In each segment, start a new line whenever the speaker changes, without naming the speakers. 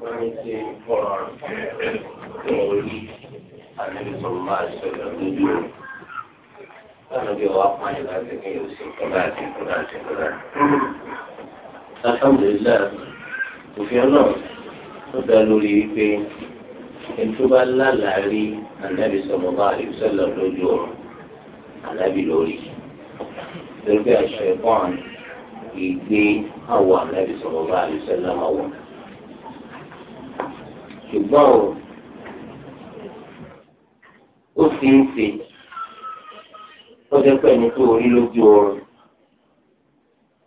wọ́n ní ṣe fọ́ọ̀rọ̀ tí wọ́n rí àlejò sọ̀rọ̀ máa ṣẹlẹ̀ lójú o. Báwo ni ọwọ́ apáyé láti ní oṣù kọ́lá àti kọ́lá àti kọ́lá? Alhamdulilá, òfin ọlọ́run ló dá lórí wípé ẹni tó bá lálàá rí ànábì sọ̀rọ̀ máa rí lójú ọ̀run ànábì lórí. Lórí àṣẹ bọ́ọ̀nù ìgbé àwọ̀ ànábì sọ̀rọ̀ bá àlùsẹ́lẹ̀ máa wọ̀. ṣùgbọ́n o ó fi ń ṣe lọ́jọ́ pẹ̀lú tó orí lójú oorun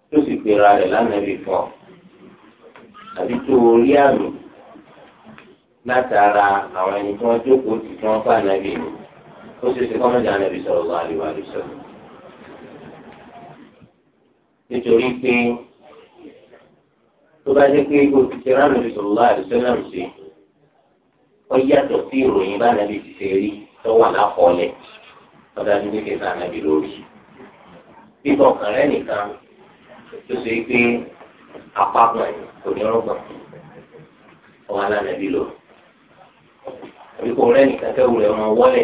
tó sì gbéra rẹ̀ lánàbì fún ọ àbí tó orí àmì látara àwọn ẹni tí wọ́n jókòó tí wọ́n bá ànábì ni ó ṣe ṣe kọ́mọ́jà ànábì sọ̀rọ̀ bá àlùsẹ́lẹ̀ nítorí pé tó bá jẹ́ pé kó ti ṣe ránà bí sọ̀rọ̀ àdìsẹ́lẹ̀m sí ọ yàtọ̀ sí ìròyìn bá nàbí ti ṣe rí tó wà lákọọ́lẹ̀ ọ̀dà ní kékeré sá nàbí lórí. bíbọ̀ ọ̀kan rẹ̀ nìkan tó ṣe pé àpapọ̀ ẹ̀ kò ní ọ̀rọ̀gbọ̀n ọ̀wà lánàbí lò. àbíkò rẹ̀ nìkan kẹ́wù rẹ̀ ọmọ wọlé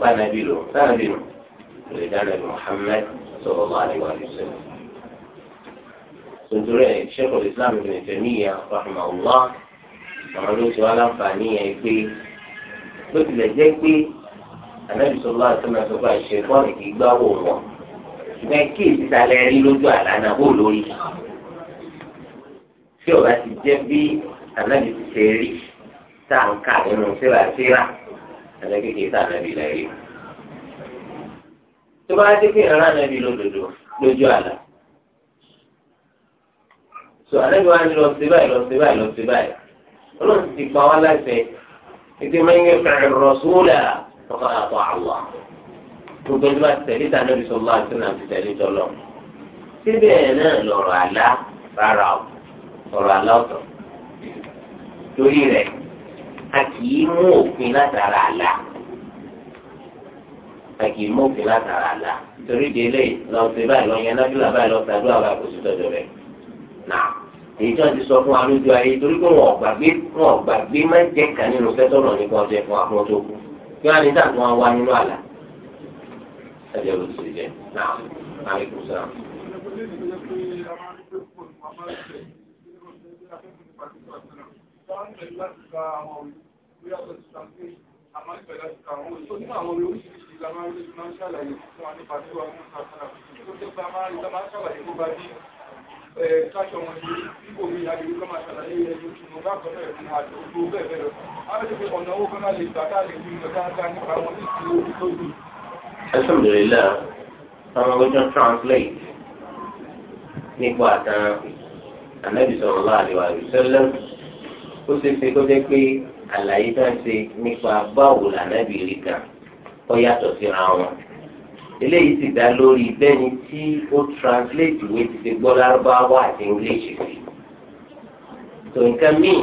bá nàbí lò lánàbí lò lè dá nàbí Muhammad sallallahu alaihi wa tuntun Sheikhul Islam Ibn Taymiyyah rahimahullah àwọn ló ti wá láǹfààní yẹn pé ló tilẹ̀ jẹ́ pé Ànábì sallallahu alaihi wasallam sọ pé àṣẹ fọ́ọ̀nì kì í gbá wò wọ́n ṣùgbọ́n kí ìsísàlẹ̀ rí lójú àlá náà wò lórí tí ọ̀rá ti jẹ́ bí Ànábì ti ṣe rí tá à ń kà nínú síraṣíra àlẹ́ tá Ànábì lẹ́yìn. tó bá dé pé ìran Ànábì lódodo lójú àlá tó àlejò wa ni lọ sí báyìí lọ sí báyìí lọ sí báyìí ọlọ́run ti pa wá láṣẹ ètò ìmọ̀nyẹ fẹ̀rẹ̀ rọ̀ṣúlà ọkọ̀ àtọ̀ àwọ̀ gbogbo ẹni bá ti tẹ̀lé ìtàn náà bisọ̀ máa ti náà ti tẹ̀lé tọ́lọ̀ síbẹ̀ náà lọ̀rọ̀ àlá rárá o ọ̀rọ̀ àlá ọ̀tọ̀ torí rẹ̀ a kì í mú òfin látara àlá a kì í mú òfin látara àlá torí délé lọ sí báyìí lọ yẹn nábìlà báyìí lọ sàdúrà báyìí kò sí tọ́jọ́ bẹ́ẹ̀ èyí tí wọn ti sọ fún wa lójú ayé torí pé wọn ò gbàgbé wọn ò gbàgbé má jẹ kàn nínú sẹtọ náà nípa ọjọ́ ẹfọn àpọn tó kù kí wọn á ní dà tí wọn wá nínú àlà ẹjẹ ló ti jẹ náà alaikum salaam.
Thank you káṣọ wọn ní ipò mi àgbègbè kọ́mà ṣàlàyé ẹjọ́ ṣùgbọ́n bá kọ́nà ẹ̀kún àti ogbó bẹ́ẹ̀ bẹ́ẹ̀ lọ. a bẹ́ẹ̀ pé ọ̀nà owó kọ́nà lè nípa wọn ní ìsinmi orí tó dùn.
ó ṣe fi kó jẹ́ pé àlàyé tá ń ṣe nípa báwo làǹdàbì rí kan ó yàtọ̀ síra wọn eléyìí ti dá lórí bẹ́ẹ̀ni tí ó translate ìwé ti ti gbọ́ lárúbáwá àti english sí tó nǹkan míì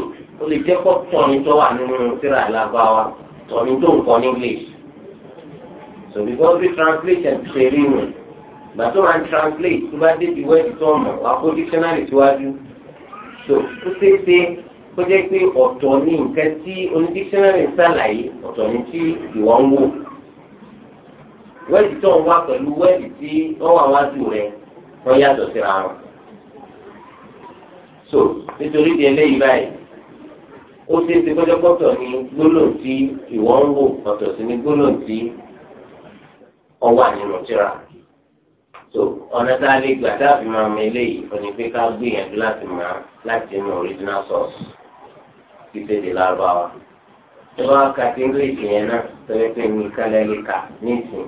ó lè jẹ́ kó tọ́ni tó wà nínú síra lárúbáwá tọ́ni tó ń ní english so because the translation ti ṣe rí nù ìgbà tó máa ń translate tó bá débi wẹ́ẹ̀dì tó mọ̀ wá kó dictionary síwájú so ó ṣeé ṣe kó jẹ́ pé ọ̀tọ̀ ni nǹkan tí onídíṣẹ́nárì ń ṣàlàyé ọ̀tọ̀ ni tí ìwọ ń wò wẹ́ẹ̀dì tó ń wá pẹ̀lú wẹ́ẹ̀dì tí wọ́n wà wájú rẹ̀ wọ́n yàtọ̀ síra wọn. so nítorí di eléyìí báyìí ó ṣe é ṣe pẹ́jọ́pọ́tọ̀ ní gbólóhùn tí ìwọ ń wò ọ̀tọ̀ sí ní gbólóhùn tí wọ́n wà nínú síra. so ọ̀nà tá a lè gbà tá a fi máa mọ eléyìí ó ní pé ká gbìyànjú láti máa láti inú original source kí tètè lárúbáwá. ìwọ́n ka ti ń lè jìyẹn náà tọ́jú pé mi kálẹ̀ lè kà ní ìsìn.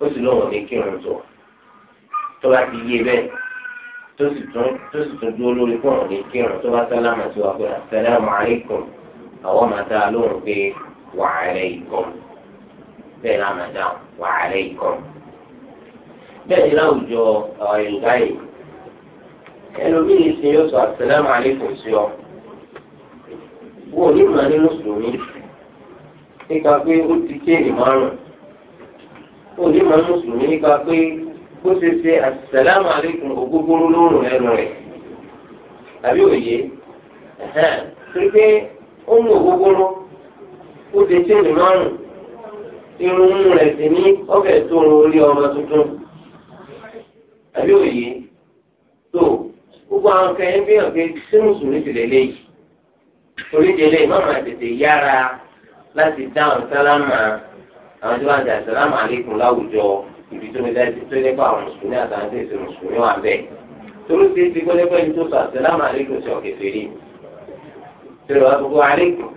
ó sì lóun ní kí òun tó tó bá ti yé bẹ́ẹ̀ tó sì tún tó sì tún dúró lórí fún kí tó bá sálámà sí wa pé assalamu alaikum àwọn máa dá lóhùn pé wa alaikum bẹ́ẹ̀ náà máa dá wa alaikum bẹ́ẹ̀ ni láwùjọ àwọn yorùbá yìí ẹlòmíì yóò sọ sí ọ wo onímọ̀ ní mùsùlùmí nípa pé ó ti òní máa ń mùsùlùmí nípa pé bó ṣe ṣe àṣàlámù ògógóró lóòrùn ẹnu rẹ̀ tàbí òye pé ó mú ògógóró ó ti ṣe irun ní tó ń ọmọ tuntun òye tó gbogbo àwọn kẹyìn bí ṣé mùsùlùmí ti lè oríṣiríṣi yára láti dáhùn àwọn tí wọ́n ti àṣàlámù àlékún láwùjọ ibi tó ní dájú tó ní pa mùsùlùmí àtàwọn tó mùsùlùmí wà bẹ́ẹ̀ torí ti ti gbọ́dọ̀ pé tó sọ àṣàlámù àlékún sí ọ̀kẹ́ fèrè tẹ̀lé wàá gbogbo àlékún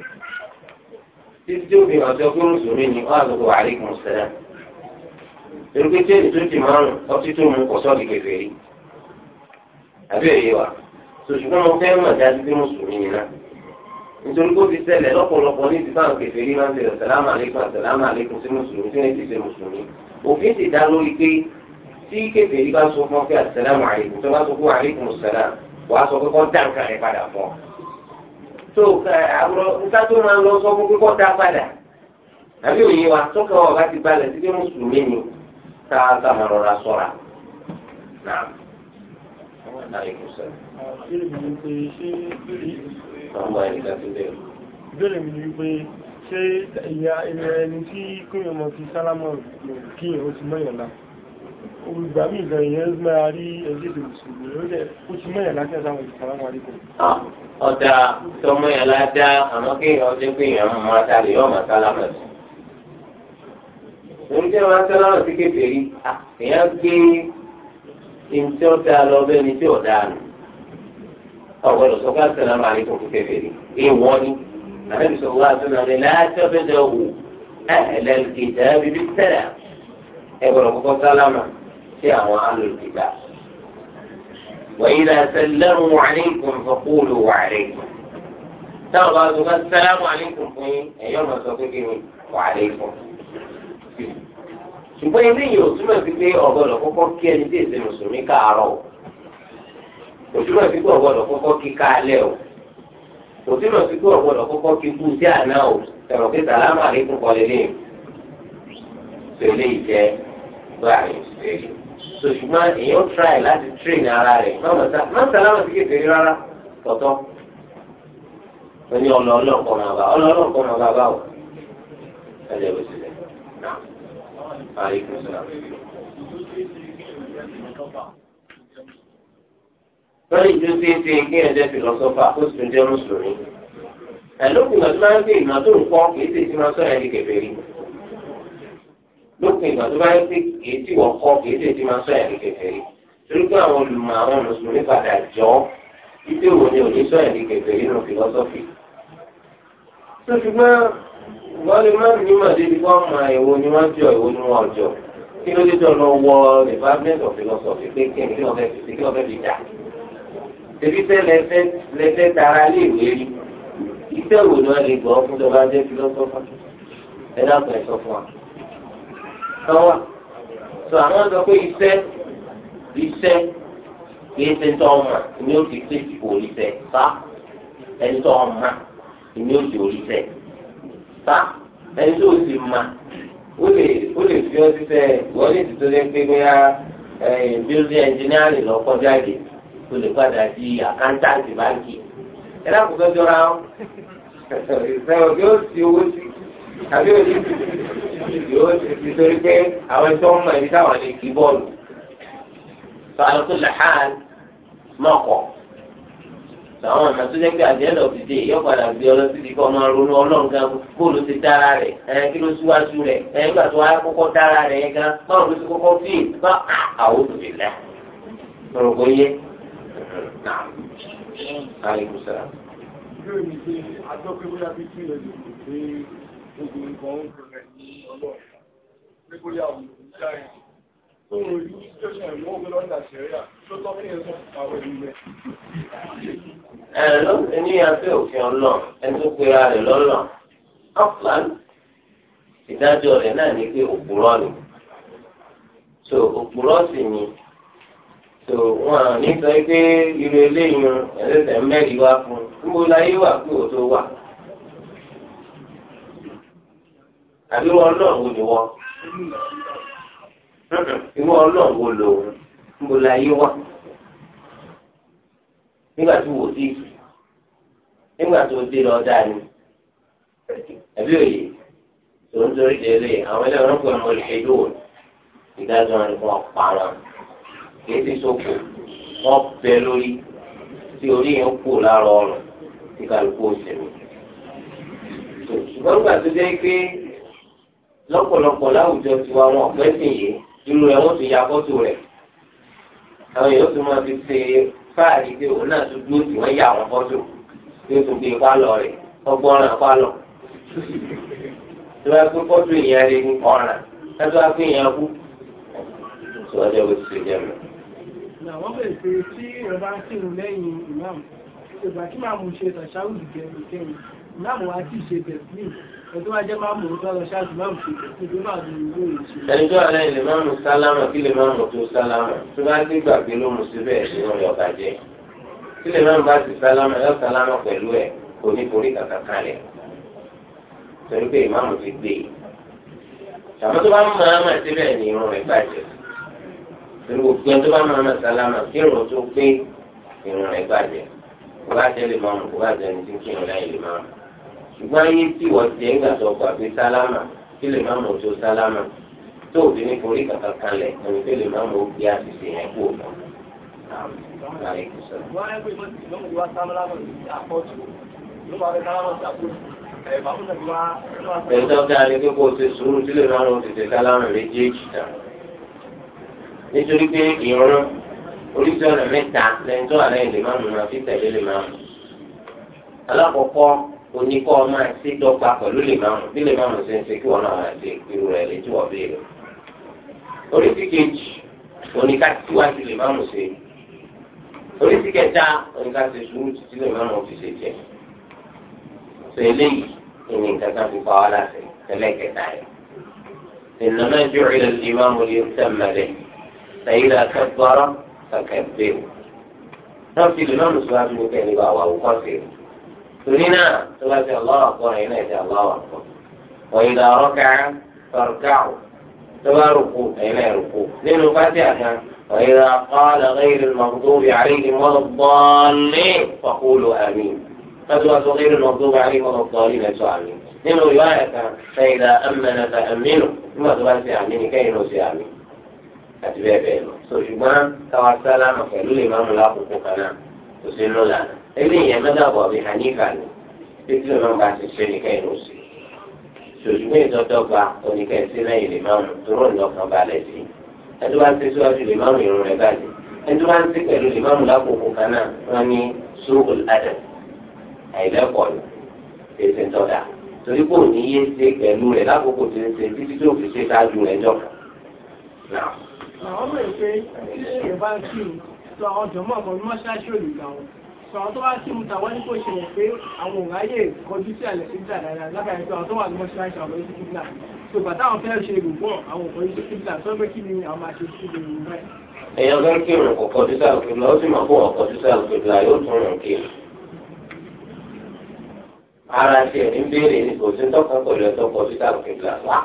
títí tó fi hàn sí ọkùnrin mùsùlùmí ni wàá gbogbo àlékún sẹ́lẹ̀ torí pé tíyẹ̀nì tó ti márùn ọtí tó mú kọ́sọ́ di kẹfẹ́ àbí òye wa sòṣùgbọ́n mo fẹ́ mọ̀ dájú pé mùsùlùmí ni náà nítorí kó ti ṣẹlẹ̀ lọ́pọ̀lọpọ̀ ní ti fáwọn kẹfẹ́ rí máa ń bẹ̀rẹ̀ sàlámà lẹ́kùn àsàlámà lẹ́kùn sí mùsùlùmí sí ẹ̀sìn sí mùsùlùmí òfin ti dá lórí pé tí kẹfẹ́ rí bá sọ fún ọ pé àsàlámà àlékún tó bá sọ fún àlékún sàlám wàá sọ pé kọ́ dáǹkà rẹ̀ padà fún ọ. tó àwọn nǹkan tó máa ń lọ sọ fún pé kọ́ dá padà àbí òye wa tọ́kọ̀ ọ̀gá ti Ìbéèrè
mi ni wípé ṣé ìyá ilẹ̀ ẹni tí kúrò mọ̀ fi sálámọ̀ kí o ti mọ́yànlá. Olùgbà mí ìgbà ìyẹn máa rí ẹgbẹ́ ìdè mùsùlùmí ló jẹ́ ó ti mọ́yànlá tí ọ̀sán òjì sálámọ̀ àríkò.
Ọ̀dà tó ìntí ọ̀dà lọ bẹ́ẹ̀ ni tí ọ̀dà nù ọ̀wọ́ lọ sọ fún àtẹnà máa ní kókó kébèrè ìwọ ni àbẹ́bí sọ fún àtẹnà rẹ láti ọ̀bẹ jẹ òwò ẹ̀ẹ́dẹ́gbẹ̀dẹ́ bíbí tẹ̀lẹ̀ ẹgbẹ̀rún kọ́kọ́ sálámà sí àwọn alòdìgbà wọ́n ilẹ̀ sẹ́lẹ̀mù wàlẹ́kùn fọ́kúlù wàlẹ́kùn táwọn bá sọ fún sálámù wàlẹ́kùn fún yín ẹ̀yọ́ ṣùgbọ́n eléyìí ò túmọ̀ sí pé ọ̀gbọ́dọ̀ kọ́kọ́ kí ẹni tí èsè mùsùlùmí káàárọ̀ ò túmọ̀ sí pé ọ̀gbọ́dọ̀ kọ́kọ́ kí káalẹ́ o kò túmọ̀ sí pé ọ̀gbọ́dọ̀ kọ́kọ́ kí kú sí àná o ẹ̀rọ pé sàlámù àlékún kọ́ lélẹ́yìn tó eléyìí jẹ́ báyìí ṣèlú so ṣùgbọ́n èèyàn try láti train ara rẹ̀ má sàlámù sí kékeré rárá tọ̀tọ̀ ó ní ọlọ́ọ̀lọ́ọ̀kan náà bá ọlọ́ọ̀lọ́ọ̀kan náà bá o ẹ
عليكم السلام
lórí ìjọ tí ń ṣe kí ẹ̀jẹ̀ fìlọ́sọ́fà kó sì tún jẹ́ mùsùlùmí ẹ̀lópin ìgbà tó máa ń gbé ìgbà tó ń kọ́ kì í sì ti máa sọ̀rọ̀ ẹni kẹfẹ́ rí lópin ìgbà tó máa ń gbé kì í sì wọ́n kọ́ kì ti máa sọ̀rọ̀ ẹni kẹfẹ́ rí torí pé àwọn olùmọ̀ àwọn mùsùlùmí padà jọ ìdí òwò ni òní sọ̀rọ̀ ẹni kẹfẹ́ rí nù fìlọ́sọ́fì. tó ṣùgbọ́n wọ́n lè má ní màdé bí wọ́n mọ ìwo ni wọ́n jọ ìwo ni wọ́n jọ kí ló dé tó lọ wọ department of philosophy pé kí ni ọ̀fẹ́ fi kí ọ̀fẹ́ fi dà tẹ̀bí tẹ́ lẹ́fẹ́ lẹ́fẹ́ tara lè wé rí wo ni wọ́n lè gbọ́ fún tó bá jẹ́ philosopher ẹ dákun ẹ fún wa. sọ́wọ́ sọ àwọn sọ pé iṣẹ́ iṣẹ́ kìí ṣe tó ọmọ ni ó ti ṣe ìkòrí sẹ́ fa ẹni tó ọmọ ni ó ti orí sẹ́ tá ẹni tó sì mà ó lè ó lè fi ọ́ sísẹ́ wọ́n lè tó lé pé bóyá building engineering lọ kọjá yìí ó lè padà di àkántàǹtì báńkì ẹ dákun tó jọra ọ́ ìsẹ́wọ̀n yóò ti owó sí àbí òní yóò ti ti torí pé àwọn tó ń mọ ẹni táwọn lè kí bọ́ọ̀lù. sọ àlùkò làhán mọ̀kọ́ làwọn ọ̀nà tó jẹ́ pé àjẹ́lẹ̀ òdìdè yóò padà gbé ọ lọ síbi kọ́ máa ronú ọlọ́run gan bóòlù ti dára rẹ̀ ẹ̀yìn kí ló síwájú rẹ̀ ẹ̀yìn gbà tó wá kọ́kọ́ dára rẹ̀ yẹn gan báwo ló ti kọ́kọ́ fi bá àwọn òdòdó lẹ̀ lọ́rọ̀ kó yé.
Nígbóyàwó ìjà ìjọba. So you situation will òfin ọlọ́run
ẹni tó pera rẹ̀ lọ́lọ́run. Upland ìdájọ́ rẹ̀ náà ní pé òpùrọ́ ni. So òpùrọ́ sì ni. So wọn à pé irú eléyìí ẹlẹ́sẹ̀ mẹ́rin wá fún un. Níbo láyé wà pé òótọ́ wà? Àbí wọn náà wò ni wọ́n? ìwọ ọlọ́run wo lòun níbo la yé wá nígbà tí wò sí nígbà tó dé lọ dáa ni àbí òye tó ń torí délé àwọn ẹlẹ́wọ̀n ń pè ọmọ ìṣẹ́jú wò ìdájọ́ wọn ni wọ́n pa wọn kì í ti sọ́kò wọ́n bẹ lórí tí orí yẹn kú lára ọrùn tí kálukú òṣèlú ṣùgbọ́n nígbà tó dé pé lọ́pọ̀lọpọ̀ láwùjọ tiwa wọn ọ̀pẹ́ sìn yìí inú ẹ̀ wọ́n ti ya fọ́tò rẹ̀ àwọn èèyàn tó máa fi ṣe fáàrí pé òun náà tún dúró tí wọ́n ya àwọn fọ́tò tí tún gbé pálọ̀ rẹ̀ ọgbọ́nràn pálọ̀ tí wọ́n pé fọ́tò ìyẹn rẹ̀ ní ọ̀ràn tí pé ìyẹn kú tí wọ́n bó ti ṣe jẹ́ mi.
àwọn bẹ̀rẹ̀ pé tí ìrọ̀bá ń sìn lẹ́yìn ìmáàmù ìgbà tí màá mú ṣe tàṣáwùdì gẹ̀ẹ́gẹ̀ẹ́ máàmù wa kì í ṣe tẹ̀sí ẹ̀tọ́ wa jẹ́ máàmù tó lọ ṣáàtì máàmù ṣe tẹ̀sí tó máa dùn ìwé ìṣe. ẹnjọ́
alẹ́ ilé máàmù sálámà kí lè máàmù tó sálámà tó bá ti gbàgbé ló mú síbẹ̀ nínú ọ̀gá jẹ́ kí lè máàmù bá ti sálámà yọ sálámà pẹ̀lú ẹ̀ kò ní forí kàkà kalẹ̀ pẹ̀lú pé ìmáàmù ti gbé e àmọ́ tó bá ń máa máa síbẹ̀ ní irun rẹ̀ bàjẹ́ pẹ̀lú gbogbo tó bá máa máa sálámà kí irun tó gbé irun rẹ̀ bàjẹ́ kó bá jẹ́ lè máàmù kó bá jẹ́ ní tí kí irun láyé lè máàmù ṣùgbọ́n ayé tí wọ́n ti ń gbàtọ̀ gbàgbé sálámà kí lè má mọ̀ tó sálámà tó òbí ní forí kàkà kalẹ̀ ẹni tó lè má mọ̀ bí a ti ṣe yẹn kú òkú. Ẹ̀sọ́ kí a ní kí kó o ti sùúrù sílè máa ń tètè sálámà méjèèjì tà. Nítorí pé ìran oríṣi ọ̀nà mẹ́ta lẹ́yìn tó wà lẹ́yìn lè má mú ma fi tẹ̀lé lè má mú. Alákọ̀ọ́kọ́ oníkọ́ ọmọ ẹ̀sìn dọ́gba pẹ̀lú lè máa mú bí lè máa mú sí ṣe kí wọ́n náà máa ṣe irú rẹ̀ lè tí wọ́n béèrè. oríṣi kejì oníkà tí wá sí lè máa mú sí oríṣi kẹta oníkà ṣe sùúrù títí lè máa mú fi ṣe jẹ. sọ eléyìí ìní nǹkan kan fi pa wá láti tẹ́lẹ̀ kẹta yẹn. إنما جعل الإمام ليتم به فإذا كبر فكبروا. نفس الإمام الصلاة المكان يبقى وهو قصير torí náà tó bá ti Allahu Akbar yìí náà ti Allahu Akbar wa idha raka'a farka'u
tó bá rúkú yìí náà rúkú
nínú fásitì àkàn wa idha qala ghayril maghdubi alayhim waladdallin faqulu amin fásitì wàá sọ ghayril maghdubi alayhim waladdallin náà sọ àmín nínú ìwà ẹ̀ka fa idha amana fa aminu nígbà tó bá ti àmín ní kẹ́yìn ló ti àmín àti bẹ́ẹ̀ bẹ́ẹ̀ lọ. sọ ṣùgbọ́n káwa sálámà pẹ̀lú ìmáàmù lákòókò kan náà kò sí lọ́la eléyìí ẹ̀ mẹ́ta bọ̀ bí hanifa ni títí ló máa ti ṣe nìkan ìlú sí ṣòṣùgbọ́n ìtọ́dọ́gba oníkẹ́ sí lẹ́yìn lè máa mú dúró ní ọkàn balẹ̀ sí ẹni tó bá ń ṣe síwájú lè máa mú irun rẹ̀ báyìí ẹni tó bá ń ṣe pẹ̀lú lè máa mú lákòókò kan náà wọ́n ní sóòl adam àìlẹ́kọ̀ọ́ ni èsì ń torí kò ní yé ṣe pẹ̀lú rẹ̀ lákòókò tó ń ṣe títí
sọ fẹ́ kí ni
kò kọjú sí àlùkìbla ó sì mọ̀ pé òun sí àlùkìbla yóò tún rùn kí ara ṣe ní béèrè ní kò sí tọkàn pẹ̀lú ẹ̀tọ́ kọjú sí àlùkìbla wá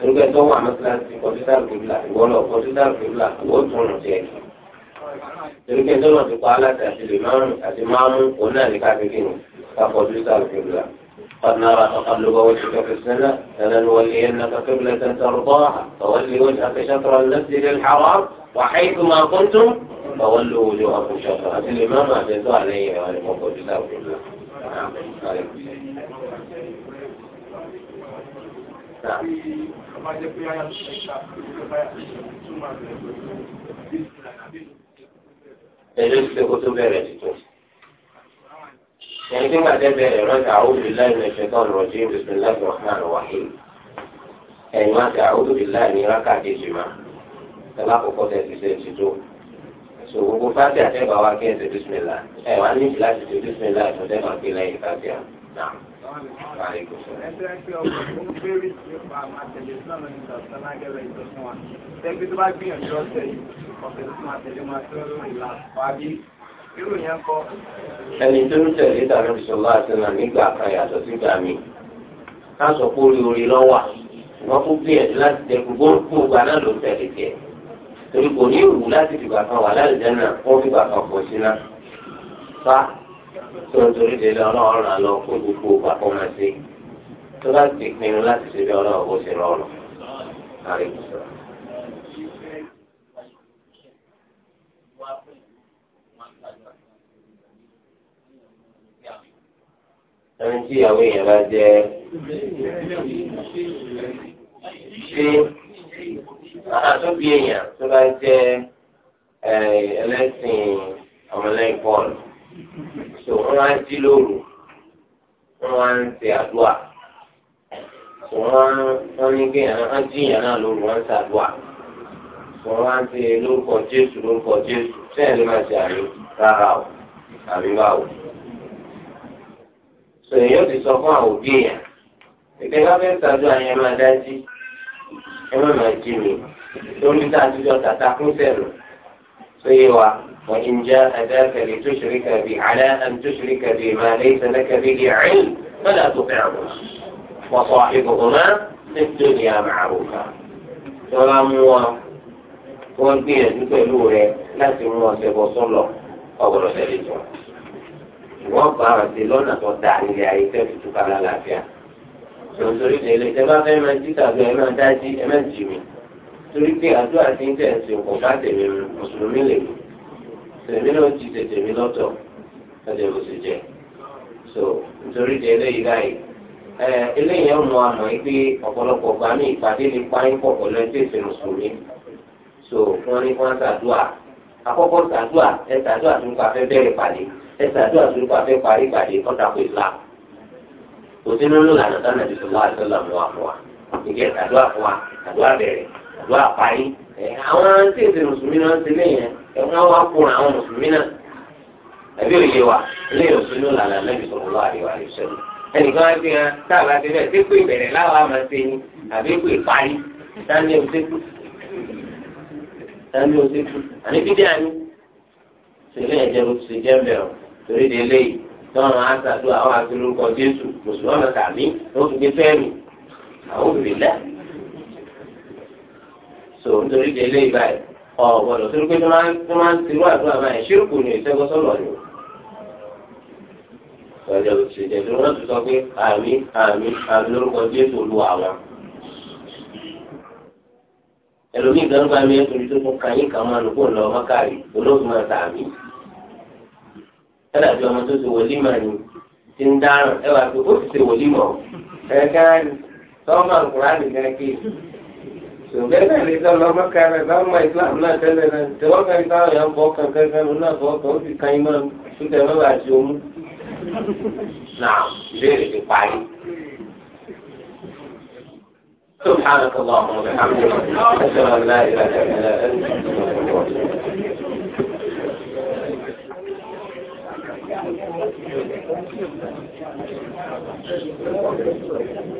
torí pé ẹ̀tọ́ wà mọ́ṣáláṣí kọjú sí àlùkìbla ìwọ lọ kọjú sí àlùkìbla ìwọ tún rùn sí ẹ̀kí. torí kí n tọ́lọ̀ ti pa aláṣẹ àti lè máa ń àti máa ń òun náà ní káfíńkì nù káfọ́jú sàlùkìlà. قد نرى تقلب وجهك في السماء فلنولينك قبلة ترضاها فول وجهك شطر المسجد الحرام وحيث ما كنتم فولوا وجوهكم شطرة الإمام أجاز عليه وعليكم وجزاه الله
نعم نعم
pẹ̀lú ìpè kó tó bẹ̀rẹ̀ tuntun. يعني كما تبع رد أعوذ بالله من الشيطان الرجيم بسم الله الرحمن الرحيم يعني ما تعوذ بالله من ركع تجمع تلاقو قد تسجدو so gbogbo fati àtẹ̀bà wa kí ẹ ṣe bísímìlá ẹ wà ní ìlàsì ṣe bísímìlá ìṣọ̀tẹ̀bà kí lẹ́yìn fati àná. Ẹgbẹ́
pé ọkùnrin ń bèèrè nípa àtẹ̀lé náà ní ìdàgbàsán lágẹ̀rẹ̀ ìtọ́sán wa. Tẹ́gbẹ́ tó bá gbìyànjú ọ̀sẹ̀ yìí, ọ̀sẹ̀ tó máa tẹ̀lé máa tó rọrùn ìlà pàbí. Irú yẹn kọ́. Ẹni tó ń tẹ̀lé tàbí
ìṣọ̀lá àti nà nígbà kan yàtọ̀ sí mi. Ká sọ pé orí orí lọ́wà. Wọ́n kó gbìyànjú láti tẹ gbogbo gbogbo àná ló tẹ̀lé tiẹ̀. Torí kò ní ìwù láti fìgbà kan wà láì tó ń torí délé ọlọ́run ràn lọ kó gbogbo pàpọ́nmọ́ sí tó bá ti pinnu láti ṣe bí ọlọ́run kó ṣe rọrùn. ẹni tí ìyàwó èèyàn bá jẹ ṣé àtúbí èèyàn tó bá jẹ ẹlẹ́sìn ọmọlẹ́yìn pọ́ọ̀lù. so wọn wá ń jí lóru wọn wá ń ṣe àdúrà so wọn wọn ní kí wọn jí yàn náà lóru wọn ń ṣe àdúrà so wọn wá ń ṣe lórúkọ Jésù lórúkọ Jésù ló máa ṣe àyè rárá o àbí so sọ fún àwọn òbí yẹn máa ẹ má máa jí mi lórí tá a ti jọ وإن جاهداك لتشرك بي على أن تشرك بي ما ليس لك به علم فلا تطعهما وصاحبهما في الدنيا معروفا سلام wọ́n gbìyànjú pẹ̀lú rẹ láti mú ọ̀sẹ̀ bọ̀ sọ́lọ̀ ọ̀gbọ̀dọ̀ tẹ̀lé jọ. wọ́n bá wọn ṣe lọ́nà tó da ilé ayé tẹ́ tutù kálá láàfíà. sọ̀tòrí tẹ̀lé tẹ bá fẹ́ máa jí tàbí ẹ máa dájí ẹ máa jì mí. torí pé àdúrà ti ń tẹ̀sí kò bá tẹ̀lé mùsùlùmí lè mú tèmi ló ti tètè mi lọ́tọ̀ ẹ̀jẹ̀ kò sì jẹ́ so nítorí di eléyìí láì ẹ eléyìí ọmọ àmọ́ pé ọ̀pọ̀lọpọ̀ gba ní ìpàdé ní páyín pọ̀ pẹ̀lú ẹgbẹ́ ìsìn so wọ́n ní wọ́n ṣàdúà àkọ́kọ́ ṣàdúà ẹ ṣàdúà tó ń pa fẹ́ bẹ̀rẹ̀ pàdé ẹ ṣàdúà tó ń pa fẹ́ parí pàdé kọ́ta kò ìlà kò sínú lòlànà dáná ti sọ̀rọ̀ àtọ́lá mọ́ àfọ́ wa ìjẹ́ ṣàdúà fún wa ṣàdúà bẹ̀rẹ̀ ṣàdúà parí àwọn tí ìsìn náà ń ṣe ẹ̀wọ̀n wa kúrò àwọn mùsùlùmí náà àbí òye wa ilé ìrọ̀sùn ló lẹ́bi sọ̀rọ̀ lọ́wọ́ àríwá rẹ̀ sẹ́nu. ẹnìkan á fi táàbà ti bẹ̀ sépè ìbẹ̀rẹ̀ láwa máa ṣe ni àbí pé parí dání o sépè dání o sépè àní bídí àní. sílẹ̀ ẹ̀jẹ̀ ló ti jẹ́ bẹ̀rù torí de léyìí tọ́nà á ṣàdúrà àwọn àtúrúkọ Jésù mùsùlùmí tàbí ó fi gbé fẹ́ẹ̀mì àwọn òbí lẹ́. sọ nítorí de léyìí báyìí ọ̀gbọ́dọ̀ tó pé tó máa ń tirú àdúrà báyìí ṣírùkù ni ìṣẹ́gun sọ̀rọ̀ ni. ọjọ́ ìṣèjẹ́ tó wọ́n ti sọ pé àmì àmì àmì lórúkọ Jésù lu àwọn. ẹlòmíì gan gba mi ẹtùrí tó tún kàn yín kàn máa lò kó lọ mọ́kàrí olóògùn máa tà mí. ẹ̀dàbí ọmọ tó ti wọlé mà ní ti ń dáràn ẹwà tó ó ti ṣe wọlé mọ̀ ẹ̀ka ni bẹ́ẹ̀ ni sọ lọ́mọ kan rẹ̀ bá mọ islam náà tẹ́lẹ̀ náà tẹ́wọ́ kan táwọn èèyàn bọ́ kankan kan ló náà fọwọ́ kan ó sì kan iná tó tẹ̀ mọ́ àti omu. náà ìbéèrè ti parí. سبحانك اللهم وبحمدك أشهد أن لا إله إلا أنت
أستغفرك